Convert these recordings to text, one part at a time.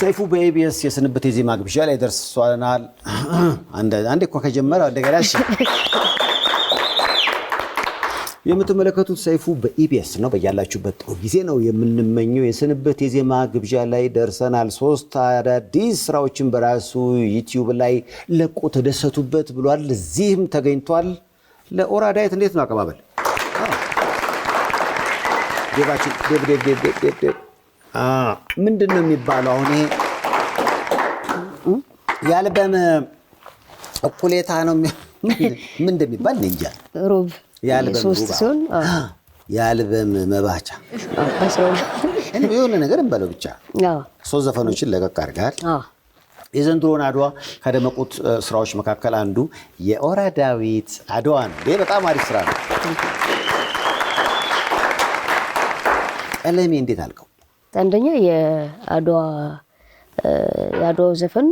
ሰይፉ በኢቢኤስ የስንብት የዜማ ግብዣ ላይ ደርሷናል። አንዴ እኮ ከጀመረ አደገላሽ የምትመለከቱት ሰይፉ በኢቢኤስ ነው። በያላችሁበት ጥሩ ጊዜ ነው የምንመኘው። የስንብት የዜማ ግብዣ ላይ ደርሰናል። ሶስት አዳዲስ ስራዎችን በራሱ ዩቲዩብ ላይ ለቆ ተደሰቱበት ብሏል። እዚህም ተገኝቷል። ለኦራ ዳዊት እንዴት ነው አቀባበል? ምንድን ነው የሚባለው? አሁን ይሄ እኩሌታ ነው። ምን እንደሚባል እንጃ። ሩብ ሶስት ሲሆን ያልበም መባቻ የሆነ ነገር እንበለው ብቻ ሶስት ዘፈኖችን ለቀቅ አድርጋል። የዘንድሮን አድዋ ከደመቁት ስራዎች መካከል አንዱ የኦራ ዳዊት አድዋ ነው። በጣም አሪፍ ስራ ነው። ቀለሜ እንዴት አልቀው አንደኛ የአድዋ የአድዋው ዘፈን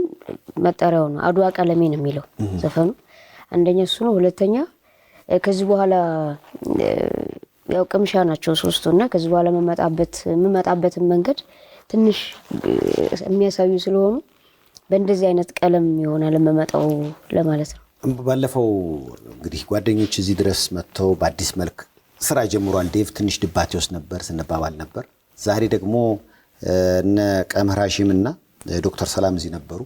መጠሪያው ነው። አድዋ ቀለሜ ነው የሚለው ዘፈኑ። አንደኛ እሱ ነው። ሁለተኛ ከዚህ በኋላ ያው ቅምሻ ናቸው ሶስቱ እና ከዚህ በኋላ የምመጣበትን መንገድ ትንሽ የሚያሳዩ ስለሆኑ በእንደዚህ አይነት ቀለም ይሆናል የምመጣው ለማለት ነው። ባለፈው እንግዲህ ጓደኞች እዚህ ድረስ መጥተው በአዲስ መልክ ስራ ጀምሯል ዴቭ ትንሽ ድባቴ ውስጥ ነበር ስንባባል ነበር ዛሬ ደግሞ እነ ቀመር እና ዶክተር ሰላም እዚህ ነበሩ።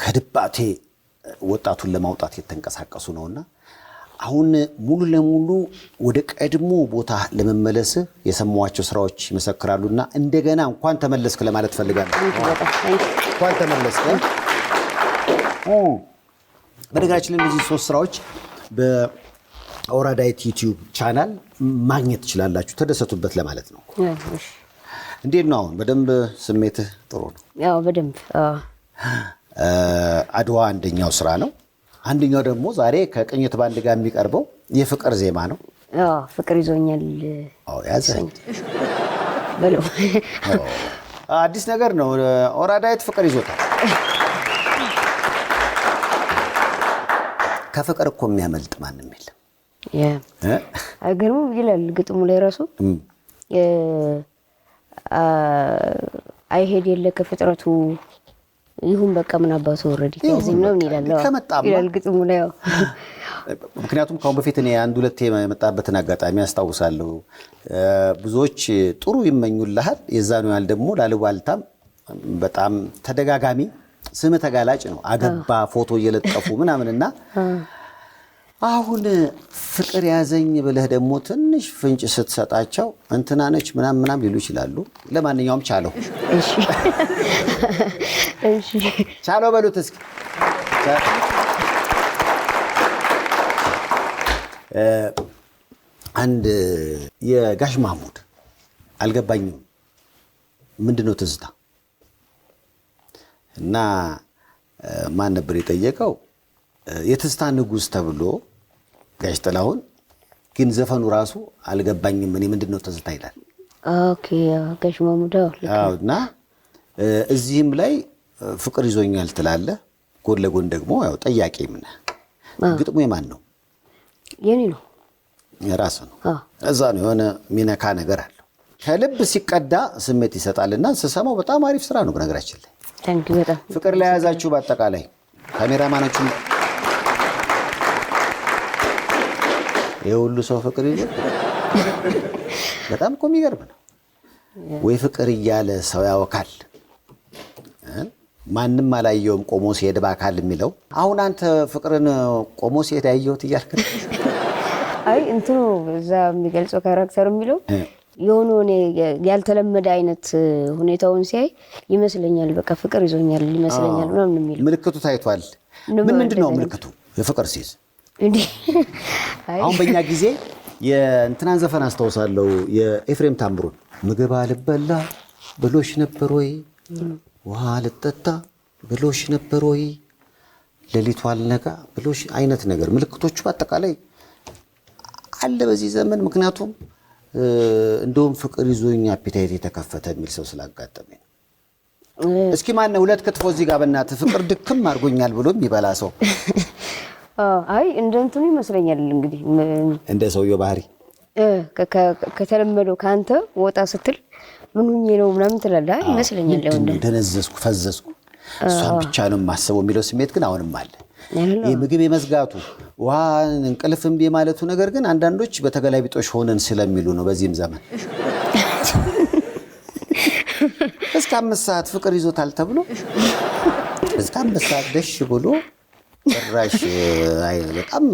ከድባቴ ወጣቱን ለማውጣት የተንቀሳቀሱ ነውና አሁን ሙሉ ለሙሉ ወደ ቀድሞ ቦታ ለመመለስ የሰማዋቸው ስራዎች ይመሰክራሉና እንደገና እንኳን ተመለስክ ለማለት ፈልጋለሁ። እንኳን ተመለስክ። በነገራችን ላይ እነዚህ ሶስት ስራዎች አውራ ዳይት ዩቲዩብ ቻናል ማግኘት ትችላላችሁ። ተደሰቱበት ለማለት ነው። እንዴት ነው አሁን? በደንብ ስሜትህ ጥሩ ነው? ያው በደንብ አድዋ አንደኛው ስራ ነው። አንደኛው ደግሞ ዛሬ ከቅኝት ባንድ ጋር የሚቀርበው የፍቅር ዜማ ነው። ፍቅር ይዞኛል ያዘኝ አዲስ ነገር ነው። ኦራዳይት ፍቅር ይዞታል። ከፍቅር እኮ የሚያመልጥ ማንም የለም። አይገርምም ይላል ግጥሙ ላይ ራሱ አይሄድ የለ ከፍጥረቱ ይሁን በቃ ምን አባቱ ወረድ ከዚህም ነው ይላል ግጥሙ ላይ። ምክንያቱም ከአሁን በፊት እኔ አንድ ሁለት የመጣበትን አጋጣሚ አስታውሳለሁ። ብዙዎች ጥሩ ይመኙልሃል፣ የዛኑ ያህል ደግሞ ላልባልታም በጣም ተደጋጋሚ ስም ተጋላጭ ነው። አገባ ፎቶ እየለጠፉ ምናምን አሁን ፍቅር ያዘኝ ብለህ ደግሞ ትንሽ ፍንጭ ስትሰጣቸው እንትናነች ምናም ምናም ሊሉ ይችላሉ። ለማንኛውም ቻለው ቻለው በሉት እስኪ አንድ የጋሽ ማሙድ አልገባኝም ምንድን ነው ትዝታ እና ማን ነበር የጠየቀው? የትዝታ ንጉሥ ተብሎ ጋሽ ጥላሁን ግን ዘፈኑ ራሱ አልገባኝም። እኔ ምንድን ነው ትዝታ ይላል ጋሽ ማሙዳ እና እዚህም ላይ ፍቅር ይዞኛል ትላለ። ጎን ለጎን ደግሞ ያው ጠያቄ ምነ ግጥሙ የማን ነው? የኔ ነው። የራስ ነው። እዛ ነው የሆነ ሚነካ ነገር አለው። ከልብ ሲቀዳ ስሜት ይሰጣልና ስሰማው በጣም አሪፍ ስራ ነው። በነገራችን ላይ ፍቅር ላይ የያዛችሁ በአጠቃላይ ካሜራማናችሁ የሁሉ ሰው ፍቅር ይዞ በጣም እኮ የሚገርም ነው። ወይ ፍቅር እያለ ሰው ያወካል። ማንም አላየውም ቆሞ ሲሄድ በአካል የሚለው አሁን አንተ ፍቅርን ቆሞ ሲሄድ ያየሁት እያልክ አይ እንትኑ እዛ የሚገልጸው ካራክተር የሚለው የሆነ ያልተለመደ አይነት ሁኔታውን ሲያይ ይመስለኛል። በቃ ፍቅር ይዞኛል ይመስለኛል ምናምን የሚለው ምልክቱ ታይቷል። ምን ምንድን ነው ምልክቱ የፍቅር ሲይዝ አሁን በእኛ ጊዜ የእንትናን ዘፈን አስታውሳለሁ። የኤፍሬም ታምሩን ምግብ አልበላ ብሎሽ ነበር ወይ ውሃ አልጠጣ ብሎሽ ነበር ወይ ሌሊቱ አልነጋ ብሎሽ አይነት ነገር ምልክቶቹ በአጠቃላይ አለ በዚህ ዘመን። ምክንያቱም እንደውም ፍቅር ይዞኝ አፒታይት የተከፈተ የሚል ሰው ስላጋጠመኝ እስኪ ማነው ሁለት ክትፎ እዚህ ጋር በእናትህ ፍቅር ድክም አድርጎኛል ብሎ የሚበላ ሰው አይ እንደ እንትኑ ይመስለኛል እንግዲህ እንደ ሰውየው ባህሪ ከተለመደው ከአንተ ወጣ ስትል ምን ሁኜ ነው ምናምን ትላለህ ይመስለኛል። ደነዘዝኩ፣ ፈዘዝኩ፣ እሷን ብቻ ነው የማስበው የሚለው ስሜት ግን አሁንም አለ። የምግብ ምግብ የመዝጋቱ ውሃ፣ እንቅልፍ እምቢ የማለቱ ነገር ግን አንዳንዶች በተገላቢጦሽ ሆነን ስለሚሉ ነው። በዚህም ዘመን እስከ አምስት ሰዓት ፍቅር ይዞታል ተብሎ እስከ አምስት ሰዓት ደሽ ብሎ ጭራሽ በጣም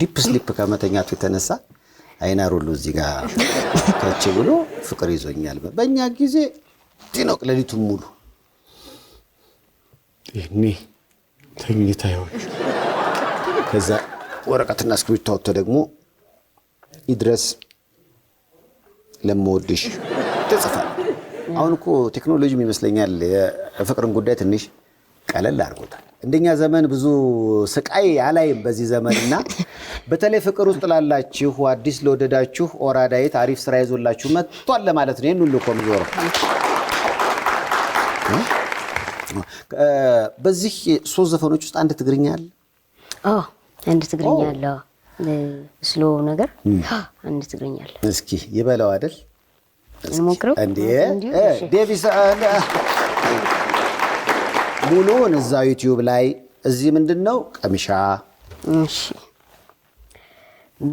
ዲፕ ስሊፕ ከመተኛቱ የተነሳ አይናር ሁሉ እዚህ ጋር ከች ብሎ ፍቅር ይዞኛል። በእኛ ጊዜ ቲኖቅ ሌሊቱን ሙሉ ይህኔ ተኝታ ይሆን ከዛ ወረቀትና እስክሪብቶ አውጥቶ ደግሞ ይድረስ ለመወድሽ ትጽፋል። አሁን እኮ ቴክኖሎጂም ይመስለኛል የፍቅርን ጉዳይ ትንሽ ቀለል አድርጎታል። እንደኛ ዘመን ብዙ ስቃይ አላይም በዚህ ዘመን እና በተለይ ፍቅር ውስጥ ላላችሁ አዲስ ለወደዳችሁ ኦራዳይት አሪፍ ስራ ይዞላችሁ መጥቷል ለማለት ነው። ይህን ሁሉ እኮ በዚህ ሶስት ዘፈኖች ውስጥ አንድ ትግርኛ አለ። አንድ ትግርኛ አለ። ስሎ ነገር አንድ ትግርኛ አለ። እስኪ ይበለው አይደል እንሞክረው እንዴ ዴቪስ ሙሉውን እዛ ዩቲዩብ ላይ እዚህ ምንድን ነው ቀሚሻ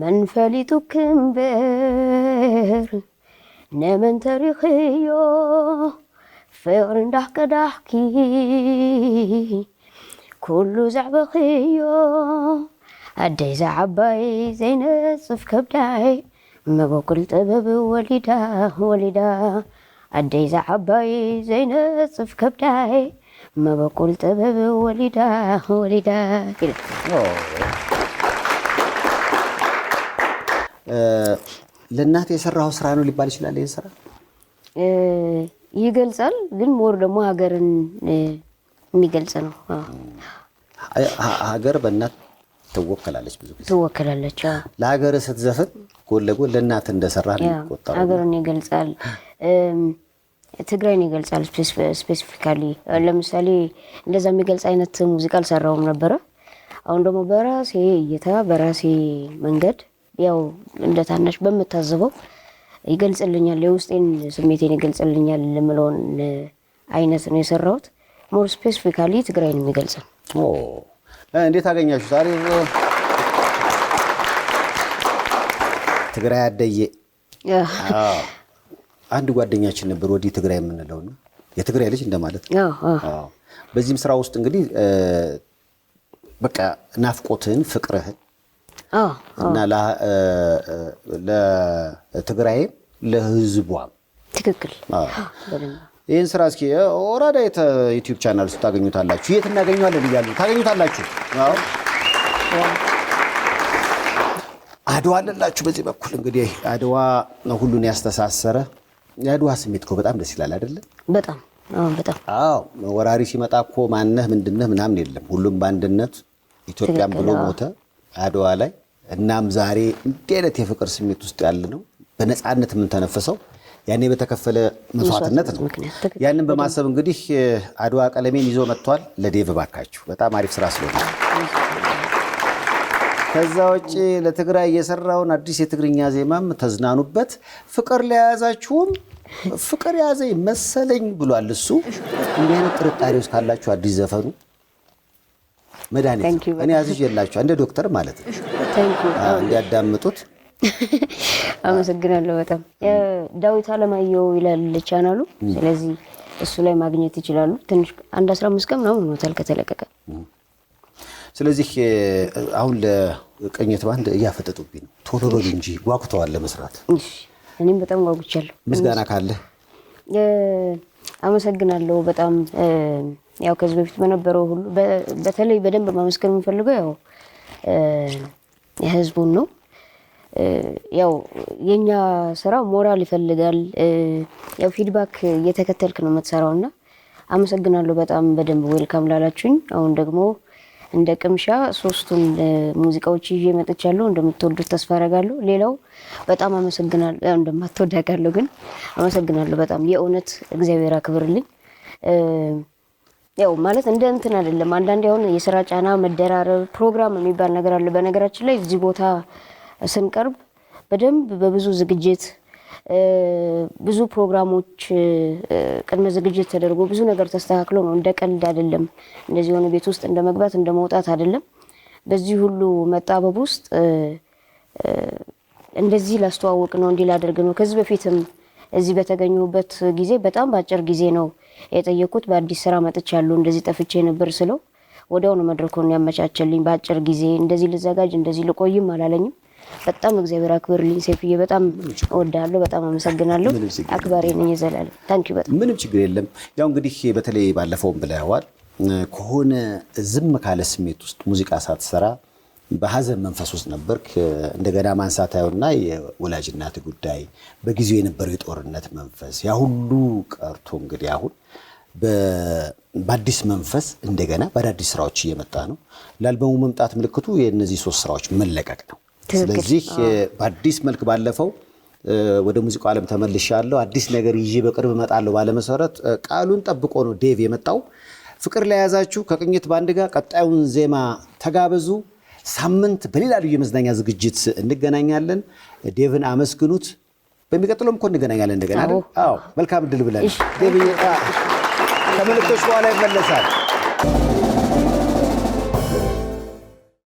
መንፈሊቱ ክንበር ነመን ተሪኽዮ ፍቕሪ እንዳሕቀዳሕኪ ኩሉ ዛዕበኽዮ ኣደይ ዛዓባይ ዘይነፅፍ ከብዳይ መበኩል ጥበብ ወሊዳ ወሊዳ ኣደይ ዛዓባይ ዘይነፅፍ ከብዳይ መበቁል ጥበብ ወሊዳ ወሊዳ ለእናት የሰራው ስራ ነው ሊባል ይችላል። ይህን ስራ ይገልጻል፣ ግን ሞር ደግሞ ሀገርን የሚገልጽ ነው። ሀገር በእናት ትወከላለች፣ ብዙ ጊዜ ትወከላለች። ለሀገር ስትዘፍን ጎን ለጎን ለእናት እንደሰራ ነው። ሀገርን ይገልጻል። ትግራይን ይገልጻል። ስፔሲፊካሊ ለምሳሌ እንደዛ የሚገልጽ አይነት ሙዚቃ አልሰራውም ነበረ። አሁን ደግሞ በራሴ እይታ በራሴ መንገድ ያው እንደ ታናሽ ይገልጽልኛል፣ የውስጤን ስሜቴን ይገልጽልኛል የምለውን አይነት ነው የሰራሁት። ሞር ስፔሲፊካሊ ትግራይን የሚገልጽ እንዴት አገኛችሁ? ትግራይ አደዬ አንድ ጓደኛችን ነበር ወዲህ ትግራይ የምንለው ነው የትግራይ ልጅ እንደማለት ነው። በዚህም ስራ ውስጥ እንግዲህ በቃ ናፍቆትህን፣ ፍቅርህን እና ለትግራይም ለህዝቧም ትክክል ይህን ስራ እስኪ ወራዳ የዩቲዩብ ቻናል ስ ታገኙታላችሁ። የት እናገኘዋለን እያሉ ታገኙታላችሁ። አድዋ አለላችሁ። በዚህ በኩል እንግዲህ አድዋ ሁሉን ያስተሳሰረ የአድዋ ስሜት እኮ በጣም ደስ ይላል አይደለ? በጣም በጣም አዎ። ወራሪ ሲመጣ እኮ ማነህ ምንድነህ ምናምን የለም። ሁሉም በአንድነት ኢትዮጵያን ብሎ ሞተ አድዋ ላይ። እናም ዛሬ እንዲህ አይነት የፍቅር ስሜት ውስጥ ያለ ነው በነፃነት የምንተነፍሰው ያኔ በተከፈለ መስዋዕትነት ነው። ያንን በማሰብ እንግዲህ አድዋ ቀለሜን ይዞ መጥቷል። ለዴቭ ባካችሁ በጣም አሪፍ ስራ ስለሆነ ከዛ ውጭ ለትግራይ የሰራውን አዲስ የትግርኛ ዜማም ተዝናኑበት። ፍቅር ለያዛችሁም ፍቅር ያዘ መሰለኝ ብሏል እሱ። እንዲህ አይነት ጥርጣሬ ውስጥ ካላችሁ አዲስ ዘፈኑ መድኃኒት እኔ ያዝዥ የላችሁ እንደ ዶክተር ማለት ነው እንዲያዳምጡት። አመሰግናለሁ በጣም ዳዊት አለማየሁ ይላል ቻናሉ። ስለዚህ እሱ ላይ ማግኘት ይችላሉ። ትንሽ አንድ አስራ አምስት ቀን ምናምን ሆኖታል ከተለቀቀ። ስለዚህ አሁን ቅኝት ባንድ እያፈጠጡብኝ ነው። ቶሎ እንጂ ጓጉተዋል ለመስራት። እኔም በጣም ጓጉቻለሁ። ምስጋና ካለ አመሰግናለሁ። በጣም ያው ከዚህ በፊት በነበረው ሁሉ በተለይ በደንብ ማመስገን የምፈልገው ያው የህዝቡን ነው። ያው የኛ ስራ ሞራል ይፈልጋል። ያው ፊድባክ እየተከተልክ ነው የምትሰራው እና አመሰግናለሁ በጣም በደንብ ዌልካም ላላችሁኝ አሁን ደግሞ እንደ ቅምሻ ሶስቱን ሙዚቃዎች ይዤ መጥቻለሁ። እንደምትወዱት ተስፋ አደርጋለሁ። ሌላው በጣም አመሰግናለሁ። እንደማትወዳጋለሁ ግን አመሰግናለሁ በጣም የእውነት እግዚአብሔር አክብርልኝ። ያው ማለት እንደ እንትን አይደለም። አንዳንዴ አሁን የስራ ጫና፣ መደራረብ፣ ፕሮግራም የሚባል ነገር አለ። በነገራችን ላይ እዚህ ቦታ ስንቀርብ በደንብ በብዙ ዝግጅት ብዙ ፕሮግራሞች ቅድመ ዝግጅት ተደርጎ ብዙ ነገር ተስተካክሎ ነው። እንደ ቀልድ አይደለም። እንደዚህ የሆነ ቤት ውስጥ እንደ መግባት እንደ መውጣት አይደለም። በዚህ ሁሉ መጣበብ ውስጥ እንደዚህ ላስተዋወቅ ነው፣ እንዲህ ላደርግ ነው። ከዚህ በፊትም እዚህ በተገኘሁበት ጊዜ በጣም በአጭር ጊዜ ነው የጠየቁት። በአዲስ ስራ መጥቻለሁ፣ እንደዚህ ጠፍቼ ነበር ስለው ወዲያውኑ መድረኩን ያመቻቸልኝ። በአጭር ጊዜ እንደዚህ ልዘጋጅ እንደዚህ ልቆይም አላለኝም። በጣም እግዚአብሔር አክብርልኝ። ሴፍዬ በጣም እወድሃለሁ፣ በጣም አመሰግናለሁ። አክባሪ ነኝ የዘላለም ታንኪ። በጣም ምንም ችግር የለም። ያው እንግዲህ በተለይ ባለፈውም ብለዋል ከሆነ ዝም ካለ ስሜት ውስጥ ሙዚቃ ሳትሰራ በሀዘን መንፈስ ውስጥ ነበርክ። እንደገና ማንሳት አይሆንና የወላጅናት ጉዳይ በጊዜው የነበረው የጦርነት መንፈስ ያ ሁሉ ቀርቶ እንግዲህ አሁን በአዲስ መንፈስ እንደገና በአዳዲስ ስራዎች እየመጣ ነው። ለአልበሙ መምጣት ምልክቱ የእነዚህ ሶስት ስራዎች መለቀቅ ነው። ስለዚህ በአዲስ መልክ ባለፈው ወደ ሙዚቃው ዓለም ተመልሻለሁ፣ አዲስ ነገር ይዤ በቅርብ እመጣለሁ ባለመሰረት ቃሉን ጠብቆ ነው ዴቭ የመጣው። ፍቅር ለያዛችሁ ከቅኝት ባንድ ጋር ቀጣዩን ዜማ ተጋበዙ። ሳምንት በሌላ ልዩ የመዝናኛ ዝግጅት እንገናኛለን። ዴቭን አመስግኑት። በሚቀጥለውም እኮ እንገናኛለን እንደገና አዎ፣ መልካም እድል ብለን ከምልክቶች በኋላ ይመለሳል።